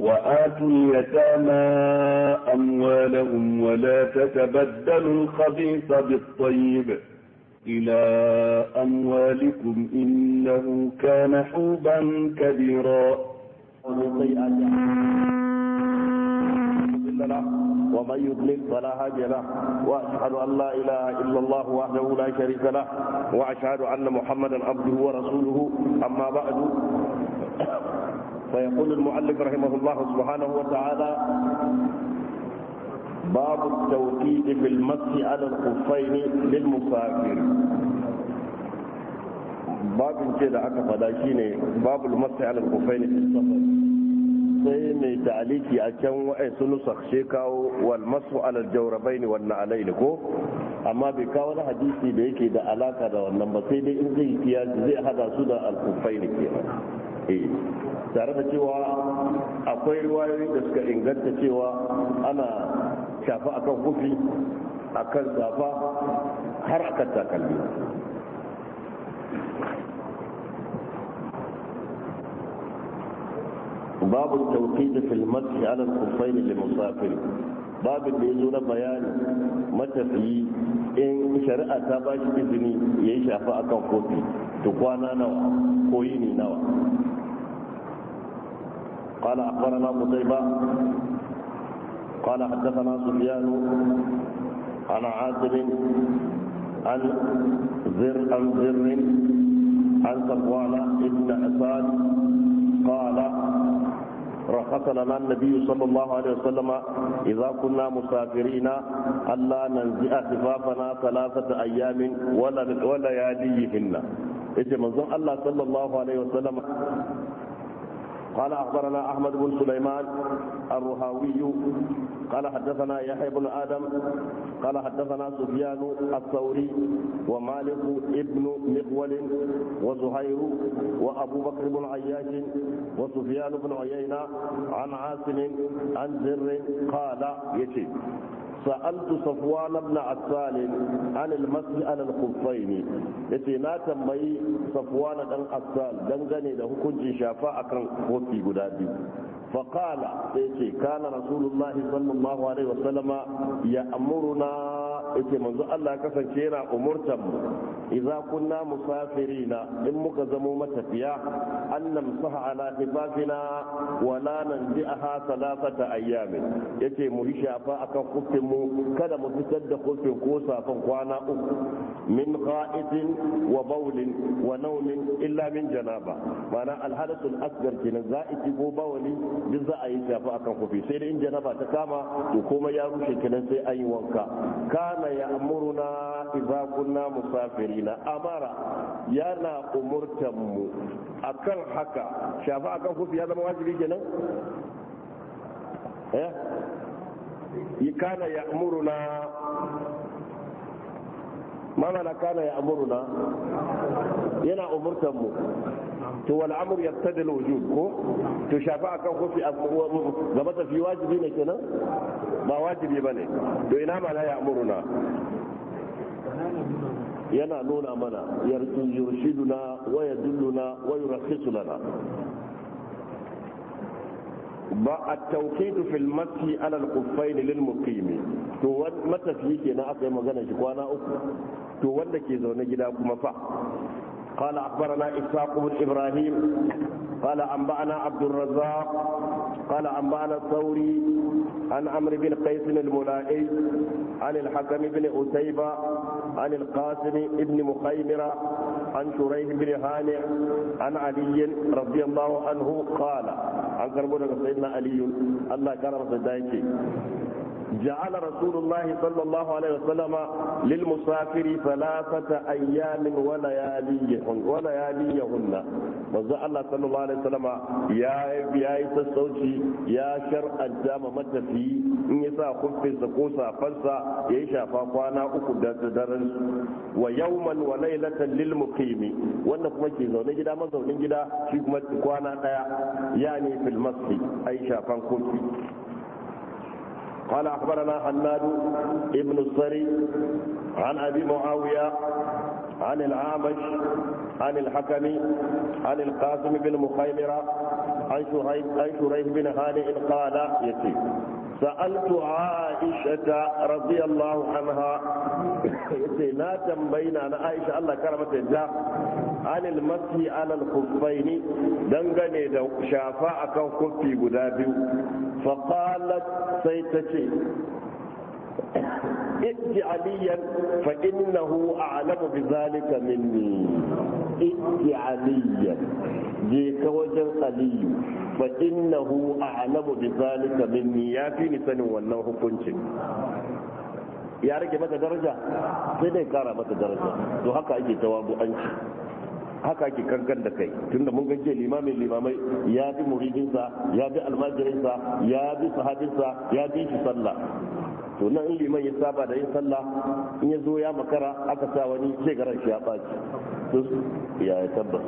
وآتوا اليتامى أموالهم ولا تتبدلوا الخبيث بالطيب إلى أموالكم إنه كان حوبا كبيرا ومن يضلل فلا هادي له واشهد ان لا اله الا الله وحده لا شريك له واشهد ان محمدا عبده ورسوله اما بعد فيقول المعلق رحمه الله سبحانه وتعالى باب التوكيد في المسح على الخفين للمسافر باب كده da aka fada shine babul masai alal kufaini sai mai ta'aliki a can wa'ai su nusak she kawo wal masu alal jawrabaini wal na'alain ko amma bai kawo wani hadisi da yake da alaka da wannan ba sai dai in zai kiyasi zai hada su da alkufai al ke kenan Eh, tare da cewa akwai riwayoyi da suka inganta cewa ana shafa akan hufi akan safa har akan takalmi باب التوقيت في ana kufai da لمسافر babin da ya zo na bayani matafiyi in shari'a ta ba shi izini ya yi shafa akan kofi to kwana nawa ko yini nawa قال أخبرنا قتيبة قال حدثنا سفيان عن عاصم عن زر عن زر عن صفوان بن عساد قال رخص لنا النبي صلى الله عليه وسلم إذا كنا مسافرين ألا ننزع خفافنا ثلاثة أيام ولا ولياليهن إذا من الله صلى الله عليه وسلم قال أخبرنا أحمد بن سليمان الرهاوي قال حدثنا يحيى بن آدم قال حدثنا سفيان الثوري ومالك ابن مقول وزهير وأبو بكر بن عياش وسفيان بن عيينة عن عاصم عن زر قال يتيم sa'altu safwan ibn asal an al-masl an al-khuffayn yace na tambayi safwan ɗan asal dangane da hukuncin shafa akan kofi guda biyu فقال كان رسول الله صلى الله عليه وسلم يأمرنا yake manzo Allah kasance yana umurtan mu idza kunna musafirina in muka zamo matafiya an namsaha ala khifafina wa la nanji'aha thalathata ayyamin yace mu yi shafa akan kufin mu kada mu fitar da kufin ko safan kwana uku min qa'itin wa bawlin wa naumin illa min janaba ma'ana alhadathul asghar kenan za'iki ko bawli duk za a yi shafa akan kufi sai da in janaba ta kama to komai ya rushe kenan sai an yi wanka kana kana ya'muruna idza kunna musafirina amara yana umurtanmu mu akan haka shafa akan kufi ya zama wajibi kenan eh kana amuruna ماذا كان يأمرنا ينا أمر تمو تو الأمر يبتدل الوجود كو تشافع كم خفي أمو في واجب هنا ما واجب يبني دو إنام لا يأمرنا ينا نونا منا يرشدنا ويدلنا ويرخص لنا با التوكيد في المسح على القفين للمقيم تو متى فيك انا اقيم مغنى شكوانا اخرى تو ولا ke zaune gida قال أخبرنا إسحاق بن إبراهيم قال أنبأنا عبد الرزاق قال أنبأنا الثوري عن عمرو بن قيس الملائي عن الحكم بن أتيبة عن القاسم بن مخيمرة عن شريح بن هانع عن علي رضي الله عنه قال عن كربون سيدنا علي الله كرم سيدنا جعل رسول الله صلى الله عليه وسلم للمسافر ثلاثة أيام ولياليهن ولياليهن manzo Allah sallallahu alaihi wasallam ya yi sassauci ya shar'anta ma matafiyi in yasa sa kuffinsa ko safansa ya yi kwana uku da daren wa yawman wa laylatan lil muqimi wanda kuma ke zaune gida mazaunin gida shi kuma kwana ɗaya yani fil ai shafan kofi قال أخبرنا حماد بن الصري عن أبي معاوية عن العامش عن الحكم عن القاسم بن مخيمرة عن شريح بن هانئ قال يسير سألت عائشة رضي الله عنها لا تنبين أنا عائشة الله كرمت الله عن المسح على الخفين دنغني دو شافا أكو خفي قدابي فقالت سيتشي ائت aliyan fa innahu a'lamu bi zalika minni جيك aliyan je ka wajen بذلك fa innahu a'lamu bi zalika minni ya rage mata daraja sai dai kara mata daraja to haka ake tawabu an ci haka ake kankan da kai tunda mun gaje limamin limamai ya bi muridinsa ya bi almajirinsa ya bi sahabinsa ya bi shi sallah to nan in liman ya saba da yin sallah in ya zo ya makara aka sa wani sai garan shi ya ɓaci ya ya tabbas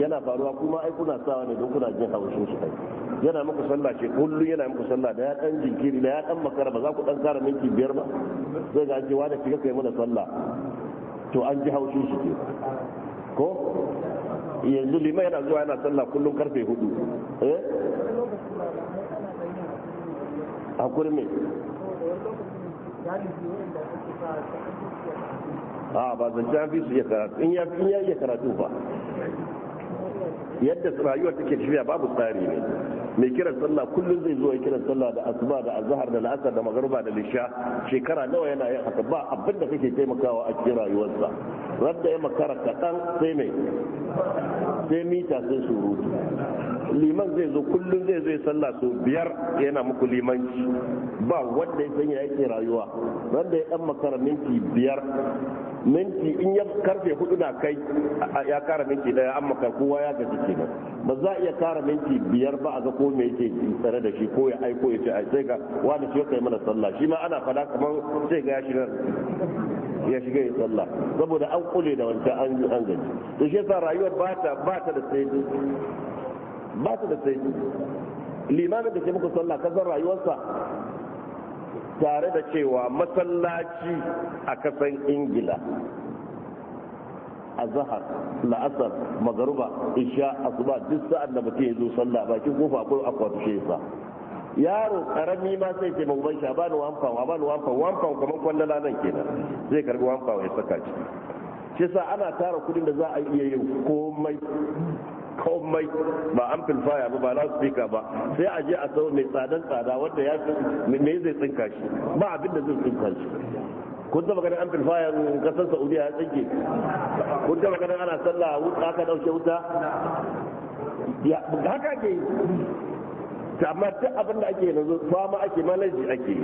yana faruwa kuma ai kuna sawa ne don kuna jin haushin shi kai yana muku sallah ce kullu yana muku sallah da ya dan jinkiri da ya dan makara ba za ku dan kara minti biyar ba sai ga cewa da kika kai mana sallah to an ji haushin shi ke ko yanzu liman yana zuwa yana sallah kullum karfe hudu a kurmi a ba zancen fi su karatu in ya fi ya karatu ba yadda rayuwar take tafiya babu tsari ne mai kiran sallah kullum zai zo ya kiran sallah da asuba da azhar da la'asar da magruba da lisha shekara nawa yana yin haka ba abin kake taimakawa a cikin rayuwarsa radda ya makara kaɗan sai mai sai mita sai surutu liman zai zo kullum zai zo ya sallah so biyar yana muku limanci ba wanda ya sanya yake rayuwa wanda ya dan makara minti biyar minti in ya karfe hudu na kai ya kara minti daya amma ka kowa ya gaji kenan ba za a iya kara minti biyar ba a ga ko me yake tsare da shi ko ya aiko ya ce sai ga wani shi kai mana sallah shi ma ana fada kamar sai ga ya shiga ya shiga ya sallah saboda an kule da wancan an gaji to shi yasa rayuwar ba ta ba ta da sai ba su da sai limamin da ke muku sallah kasar rayuwarsa tare da cewa masallaci a kasan ingila a Zahar, la'asar magaruba isha asuba duk sa'ad da mutum ya zo sallah bakin kofa akwai akwatushe sa yaro karami ma sai ce sha bani wanfan wa bani wanfan wanfan kamar kwandala nan kenan zai karbi wanfan ya saka shi shi sa ana tara kudin da za a iya yin komai komai ba amplifier ba ba loudspeaker ba sai a je a sau mai tsadan tsada wanda ya me zai tsinka shi ba abin da zai tsinka shi kun taba ganin amplifier kasar saudiya ya tsinke kun taba ganin ana sallah wuta aka dauke wuta haka ke amma duk abin da ake yanzu fama ake malaji ake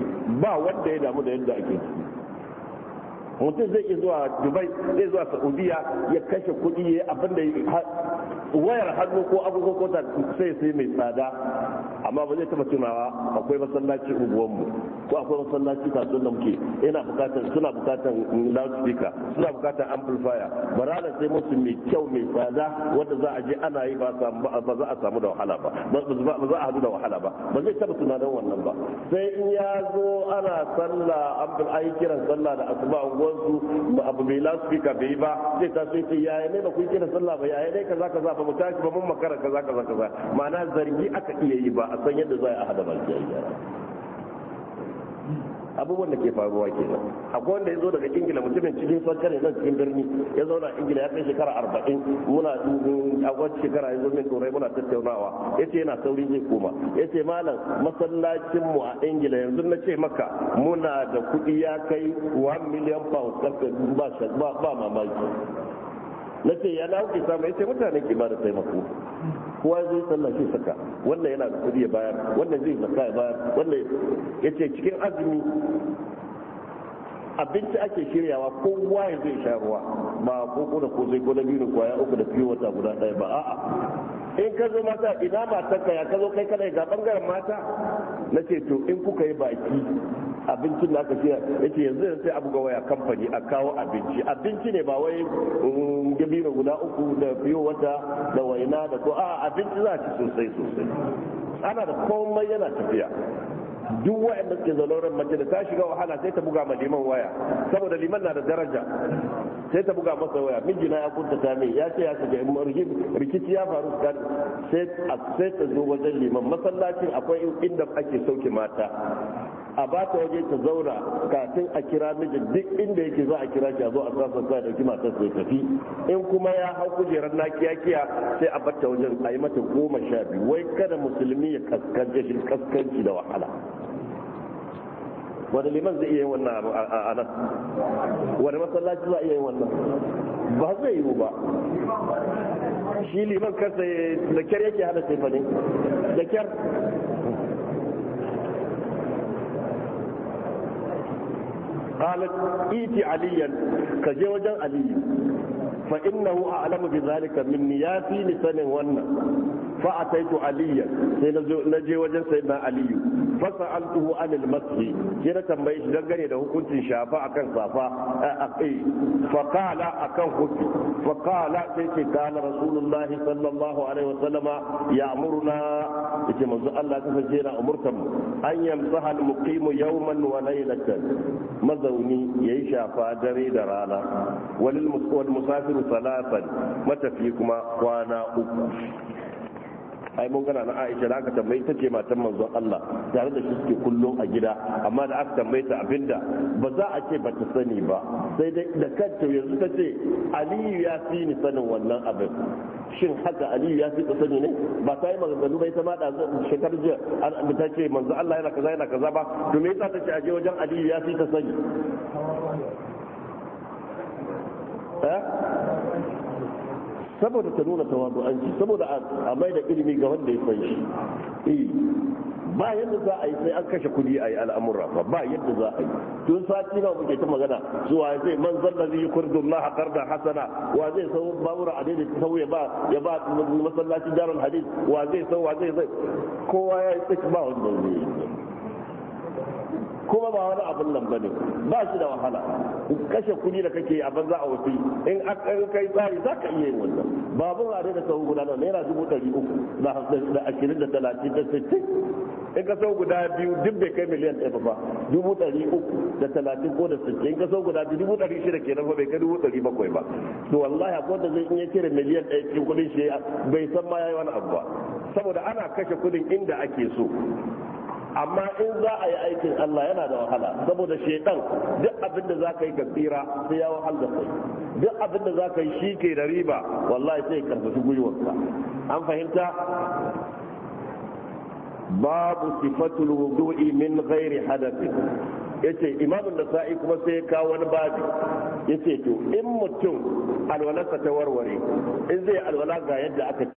ba wanda ya damu da yadda ake mutum zai iya zuwa dubai zai zuwa saudiya ya kashe kuɗi ya abin da wayar hannu ko abubuwan kota sai sai mai tsada amma ba zai taba tunawa akwai masallaci unguwanmu ko akwai masallaci kasuwan da muke yana bukatar suna bukatar loudspeaker suna bukatar amplifier barana sai musu mai kyau mai tsada wanda za a je ana yi ba za a samu da wahala ba ba za a hadu da wahala ba ba zai taba tunanin wannan ba sai in ya zo ana sallah an kiran sallah da asuba unguwansu abu mai loudspeaker bai ba zai taso ya ce yaya ne ba kun kiran sallah ba yaya ne kaza kaza ba mu tashi ba mun makara kaza kaza kaza ma'ana zargi aka iya yi ba a san yadda za a hada baki a gyara abubuwan da ke faruwa nan akwai wanda ya zo daga ingila mutumin cikin sakare nan cikin birni ya zauna ingila ya kai shekara arba'in muna a wata shekara ya zo min turai muna tattaunawa ya ce yana saurin zai koma ya ce malam masallacin mu a ingila yanzu na ce maka muna da kuɗi ya kai 1 million pounds ba mamaki na ce ya nawo samu ya ce mutane ke ba da taimako kowa zai zo sallah shi saka wannan yana da kudi ya bayar wannan zai saka ya bayar wannan ya ce cikin azumi abinci ake shiryawa kowa ya zai sha ruwa ba koko da kosai ko da biyu da kwaya uku da fiye wata guda ɗaya ba a'a in ka zo mata ina ba ka ya ka zo kai kana ga bangaren mata na ce to in kuka yi baki abincin da aka siya yake yanzu sai abu ga waya kamfani a kawo abinci abinci ne ba wai mm, gabiro guda uku da fiyo wata da waina da ko a abinci za ci sosai sosai ana da komai yana tafiya duk waɗanda suke zaloran mace da ta shiga wahala sai ta buga ma liman waya saboda liman na da daraja sai ta buga masa waya mijina ya ta min ya ce ya shiga rikici ya faru sai ta zo wajen liman masallacin akwai inda ake sauke mata a ba ta waje ta zauna kafin a kira miji duk inda yake za a kira shi a zo a sasa da dauki matar sai tafi in kuma ya hau kujerar na kiyakiya sai a ta wajen a yi mata goma sha biyu wai kada musulmi ya kaskanci da wahala wani liman zai iya yin wannan abu a nan wani masallaci za a iya yin wannan ba zai yiwu ba shi liman kansa da kyar yake hada sai ne da kyar قالت ايتي عليا وجن علي فانه اعلم بذلك مني يا في لسان فأتيت عليا حين نجي وجن سيدنا علي فسألته عن المسجد حين ما دقني له كنت شافا أكن صافا أقي إيه. فقال أكن خط فقال سيدي قال رسول الله صلى الله عليه وسلم يأمرنا إذا مزع الله تفجينا أمرتم أن يمسح المقيم يوما وليلة مزوني يعيش فاجري درانا وللمسافر ثلاثا متى فيكما وانا أكوش ai mun gana na Aisha da aka tambaye ta ce matan manzon Allah tare da shi suke kullum a gida amma da aka tambaye ta abinda ba za a ce bata sani ba sai dai da kanta yanzu ta ce Aliyu ya fi ni sanin wannan abin shin haka Aliyu ya fi ta sani ne ba ta yi maganganu ba ita ma da shekaru jiya an ta ce manzon Allah yana kaza yana kaza ba to me yasa ta ce aje wajen Aliyu ya fi ta sani eh? saboda ta nuna tawadu'anci saboda a mai da ilimi ga wanda ya san shi eh, ba yadda za a yi sai an kashe kudi a yi al'amura ba ba yadda za a yi tun sati nawa muke ta magana zuwa zai man zanna zai kurdun na haƙar da hasana wa zai sau babura a daidai ta sauya ba ya ba masallacin jarar hadis wa zai sau wa zai zai kowa ya yi tsaki ba wanda zai yi kuma ba wani abun nan bane ba shi da wahala kashe kuɗi da kake a banza a wasu in an kai tsari za ka iya yin wannan babun a daina sau guda nan naira dubu ɗari uku da ashirin da talatin da sittin in ka sau guda biyu duk bai kai miliyan ɗaya ba dubu ɗari uku da talatin ko da sittin in ka sau guda biyu dubu ɗari shida kenan ba bai kai dubu ɗari bakwai ba to wallahi akwai wanda zai iya cire miliyan ɗaya cikin kuɗin shi bai san ma ya yi wani abu ba saboda ana kashe kuɗin inda ake so amma in za a yi aikin Allah yana da wahala saboda shekan duk abin da za ka yi ka tsira sai ya wahal da kai duk abin da za ka yi shi ke da riba wallahi sai ka karfafi gwiwarka an fahimta babu sifatul wudu'i min ghairi hadathi yace imamu nasa'i kuma sai kawo wani babi yace to in mutum alwalarsa ta warware in zai alwala ga yadda aka